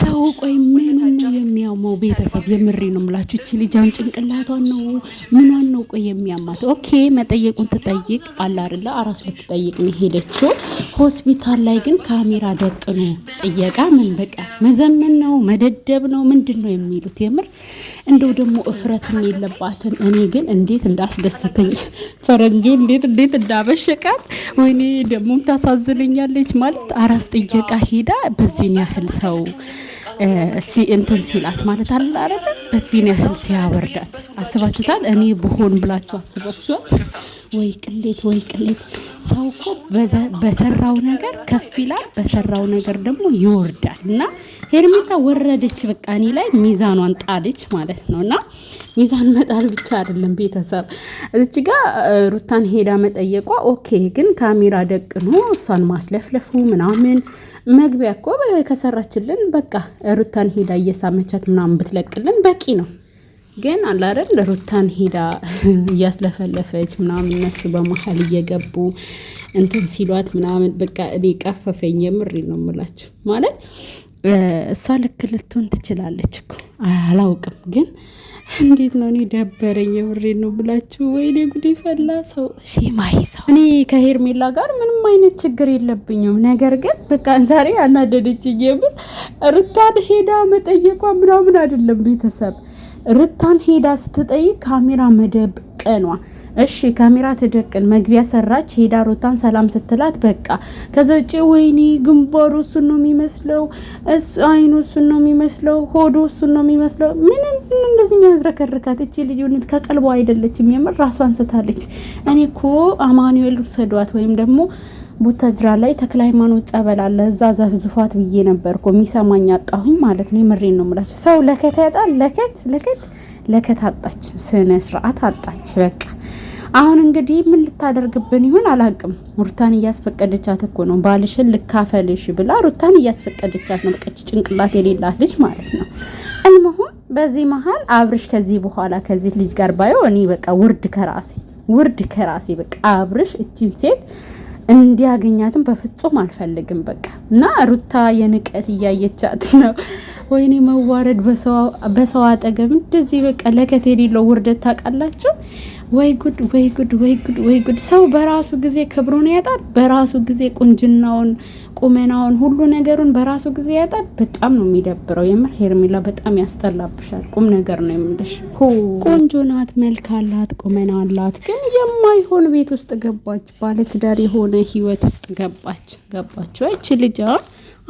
ሰው ቆይ ምን የሚያመው ቤተሰብ? የምሬ ነው የምላችሁ። እቺ ልጃን ጭንቅላቷን ነው ምኗን ነው ቆይ የሚያማት? ኦኬ መጠየቁን ትጠይቅ አለ አይደለ? አራስ ልትጠይቅ ነው ሄደችው ሆስፒታል ላይ ግን ካሜራ ደቅኖ ጥየቃ ምን በቃ መዘመን ነው መደደብ ነው ምንድን ነው የሚሉት? የምር እንደው ደግሞ እፍረትም የለባትም። እኔ ግን እንዴት እንዳስደሰተኝ ፈረንጁ እንዴት እንዴት እንዳበሸቃል። ወይኔ ደግሞ ታሳዝነኛለች ማለት አራስ ጥየቃ ሄዳ በዚህን ያህል ሰው እንትን ሲላት ማለት አለ አይደለ? በዚህን ያህል ሲያወርዳት አስባችሁታል? እኔ ብሆን ብላችሁ አስባችኋል? ወይ ቅሌት፣ ወይ ቅሌት። ሰው እኮ በሰራው ነገር ከፍ ይላል፣ በሰራው ነገር ደግሞ ይወርዳል። እና ሄርሜላ ወረደች፣ በቃ እኔ ላይ ሚዛኗን ጣለች ማለት ነው። እና ሚዛን መጣል ብቻ አይደለም ቤተሰብ፣ እዚች ጋ ሩታን ሄዳ መጠየቋ ኦኬ፣ ግን ካሜራ ደቅኖ እሷን ማስለፍለፉ ምናምን መግቢያ እኮ ከሰራችልን በቃ ሩታን ሄዳ እየሳመቻት ምናምን ብትለቅልን በቂ ነው። ግን አለ አይደል ሩታን ሄዳ እያስለፈለፈች ምናምን እነሱ በመሀል እየገቡ እንትን ሲሏት ምናምን በቃ እኔ ቀፈፈኝ። የምሬ ነው የምላችሁ። ማለት እሷ ልክ ልትሆን ትችላለች እኮ አላውቅም፣ ግን እንዴት ነው እኔ ደበረኝ። የምሬ ነው ብላችሁ ወይኔ ጉዴ ፈላ። ሰው ሼማ ይዘው እኔ ከሄርሜላ ጋር ምንም አይነት ችግር የለብኝም። ነገር ግን በቃ ዛሬ አናደደችኝ። የምር ሩታን ሄዳ መጠየቋ ምናምን አይደለም ቤተሰብ ርታን ሄዳ ስትጠይቅ ካሜራ መደብቀኗ እሺ ካሜራ ትደቅን መግቢያ ሰራች ሄዳ ሩታን ሰላም ስትላት በቃ ከዛ ውጭ ወይኔ ግንባሩ እሱን ነው የሚመስለው፣ እሱ አይኑ እሱን ነው የሚመስለው፣ ሆዱ እሱን ነው የሚመስለው። ምን እንደዚህ የሚያዝረከርካት እቺ ልጅ እውነት ከቀልቧ አይደለችም። የምር ራሷን ስታለች። እኔ እኮ አማኑኤል ውሰዷት ወይም ደግሞ ቡታጅራ ላይ ተክለ ሃይማኖት ጸበል አለ። እዛ ዘፍዝፏት ብዬ ነበር እኮ የሚሰማኝ አጣሁኝ ማለት ነው። የምሬን ነው የምላችሁ። ሰው ለከት ያጣል። ለከት ለከት ለከት አጣች፣ ስነ ስርዓት አጣች። በቃ አሁን እንግዲህ ምን ልታደርግብን ይሆን አላቅም። ሩታን እያስፈቀደቻት እኮ ነው። ባልሽን ልካፈልሽ ብላ ሩታን እያስፈቀደቻት ነው። በቃች ጭንቅላት የሌላት ልጅ ማለት ነው። እልምሁም በዚህ መሀል አብርሽ ከዚህ በኋላ ከዚህ ልጅ ጋር ባየው እኔ በቃ ውርድ ከራሴ ውርድ ከራሴ በቃ አብርሽ እችን ሴት እንዲያገኛትም በፍጹም አልፈልግም። በቃ እና ሩታ የንቀት እያየቻት ነው ወይኔ መዋረድ በሰው አጠገብ እንደዚህ በቃ ለከት የሌለው ውርደት ታውቃላችሁ። ወይ ጉድ፣ ወይ ጉድ፣ ወይ ጉድ፣ ወይ ጉድ! ሰው በራሱ ጊዜ ክብሩን ያጣል። በራሱ ጊዜ ቁንጅናውን፣ ቁመናውን፣ ሁሉ ነገሩን በራሱ ጊዜ ያጣል። በጣም ነው የሚደብረው። የምር ሄርሜላ በጣም ያስጠላብሻል። ቁም ነገር ነው የምልሽ። ቆንጆ ናት፣ መልክ አላት፣ ቁመና አላት። ግን የማይሆን ቤት ውስጥ ገባች። ባለትዳር የሆነ ህይወት ውስጥ ገባች። ገባችሁ? አይች ልጅ አሁን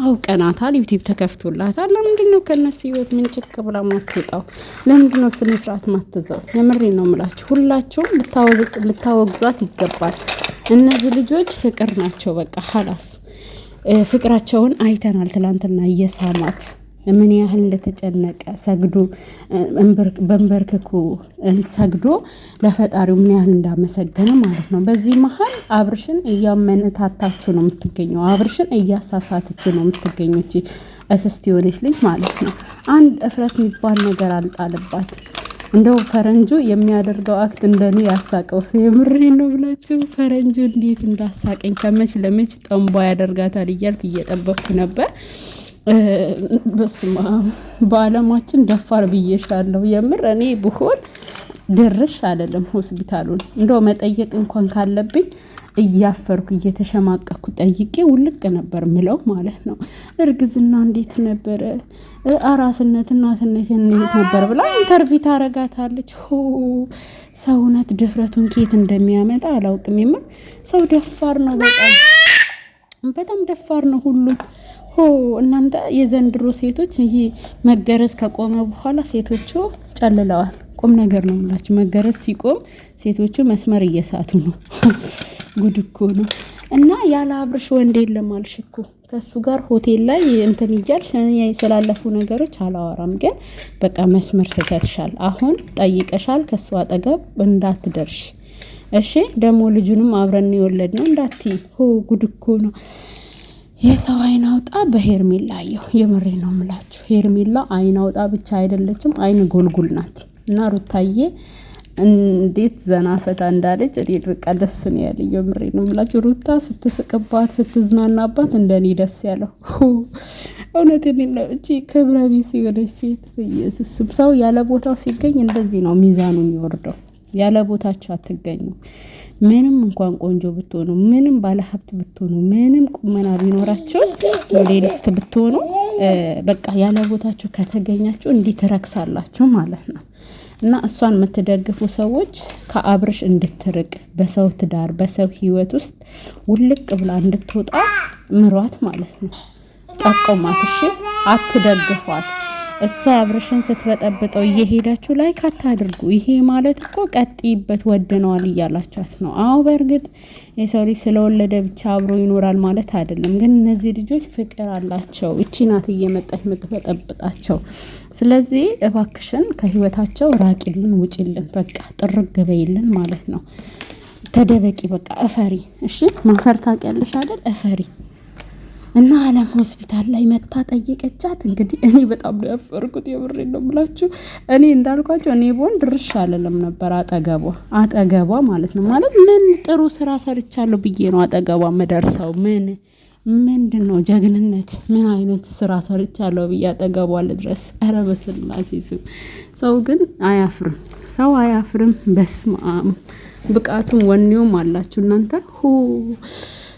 አውቀናታል። ዩቲብ ተከፍቶላታል። ለምንድን ነው ከእነሱ ህይወት ምንጭቅ ብላ ማትወጣው? ለምንድን ነው ስነ ስርዓት ማትዘው? የምሬ ነው የምላችሁ፣ ሁላችሁም ልታወግዟት ይገባል። እነዚህ ልጆች ፍቅር ናቸው። በቃ ሀላስ ፍቅራቸውን አይተናል። ትላንትና እየሳማት ምን ያህል እንደተጨነቀ ሰግዶ በንበርክኩ ሰግዶ ለፈጣሪው ምን ያህል እንዳመሰገነ ማለት ነው። በዚህ መሀል አብርሽን እያመነታታችሁ ነው የምትገኘው። አብርሽን እያሳሳተችው ነው የምትገኘው እስስት የሆነች ልጅ ማለት ነው። አንድ እፍረት የሚባል ነገር አልጣለባት። እንደው ፈረንጁ የሚያደርገው አክት እንደኔ ያሳቀው ሰው የምሬ ነው ብላችሁ ፈረንጁ እንዴት እንዳሳቀኝ ከመች ለመች ጠንቧ ያደርጋታል እያልኩ እየጠበቅኩ ነበር። በስማ በአለማችን ደፋር ብዬሻለሁ። የምር እኔ ብሆን ድርሽ አለለም ሆስፒታሉን እንደው መጠየቅ እንኳን ካለብኝ እያፈርኩ እየተሸማቀኩ ጠይቄ ውልቅ ነበር ምለው ማለት ነው። እርግዝና እንዴት ነበረ? አራስነት፣ እናትነት እንዴት ነበር ብላ ኢንተርቪው ታረጋታለች። ሰውነት ድፍረቱን ኬት እንደሚያመጣ አላውቅም። የምር ሰው ደፋር ነው፣ በጣም በጣም ደፋር ነው ሁሉም ሆ እናንተ የዘንድሮ ሴቶች ይሄ መገረዝ ከቆመ በኋላ ሴቶቹ ጨልለዋል። ቁም ነገር ነው የምላችሁ። መገረዝ ሲቆም ሴቶቹ መስመር እየሳቱ ነው። ጉድ እኮ ነው። እና ያለ አብርሽ ወንድ የለም አልሽ እኮ ከእሱ ጋር ሆቴል ላይ እንትን እያልሽ ስላለፉ ነገሮች አላወራም፣ ግን በቃ መስመር ስተትሻል። አሁን ጠይቀሻል፣ ከእሱ አጠገብ እንዳትደርሽ እሺ። ደግሞ ልጁንም አብረን የወለድ ነው እንዳትዪ። ሆ ጉድ እኮ ነው። የሰው አይን አውጣ በሄርሜላ አየሁ። የምሬ ነው የምላችሁ። ሄርሜላ አይን አውጣ ብቻ አይደለችም፣ አይን ጎልጉል ናት። እና ሩታዬ እንዴት ዘና ፈታ እንዳለች እኔ በቃ ደስ ነው ያለኝ። የምሬ ነው የምላችሁ። ሩታ ስትስቅባት ስትዝናናባት እንደኔ ደስ ያለው እውነት ነው። እቺ ክብረ ቢስ የሆነች ሴት ኢየሱስ፣ ሰው ያለ ቦታው ሲገኝ እንደዚህ ነው ሚዛኑ የሚወርደው። ያለ ቦታቸው አትገኙ። ምንም እንኳን ቆንጆ ብትሆኑ፣ ምንም ባለሀብት ብትሆኑ፣ ምንም ቁመና ቢኖራችሁ፣ ሞዴሊስት ብትሆኑ በቃ ያለ ቦታችሁ ከተገኛችሁ እንዲህ ትረክሳላችሁ ማለት ነው። እና እሷን የምትደግፉ ሰዎች ከአብርሽ እንድትርቅ በሰው ትዳር በሰው ህይወት ውስጥ ውልቅ ብላ እንድትወጣ ምሯት ማለት ነው። ጠቆማት። እሺ አትደግፏት። እሷ አብርሽን ስትበጠብጠው እየሄዳችሁ ላይክ አታድርጉ። ይሄ ማለት እኮ ቀጥይበት ወድነዋል እያላችኋት ነው። አዎ በእርግጥ የሰው ልጅ ስለወለደ ብቻ አብሮ ይኖራል ማለት አይደለም። ግን እነዚህ ልጆች ፍቅር አላቸው። እቺ ናት እየመጣች የምትበጠብጣቸው። ስለዚህ እባክሽን ከህይወታቸው ራቂልን፣ ውጪልን፣ በቃ ጥርግ በይልን ማለት ነው። ተደበቂ፣ በቃ እፈሪ። እሺ ማፈር ታውቂያለሽ አይደል? እፈሪ እና አለም ሆስፒታል ላይ መታ ጠየቀቻት። እንግዲህ እኔ በጣም ነው ያፈርኩት፣ የምሬ ነው ብላችሁ እኔ እንዳልኳቸው እኔ ቦን ድርሻ አለለም ነበር አጠገቧ አጠገቧ ማለት ነው። ማለት ምን ጥሩ ስራ ሰርቻለሁ ብዬ ነው አጠገቧ መደርሰው። ምን ምንድን ነው ጀግንነት? ምን አይነት ስራ ሰርቻለሁ ብዬ አጠገቧ ድረስ ኧረ በስላሴ ስም ሰው ግን አያፍርም፣ ሰው አያፍርም። በስመ አብ ብቃቱም ወኔውም አላችሁ እናንተ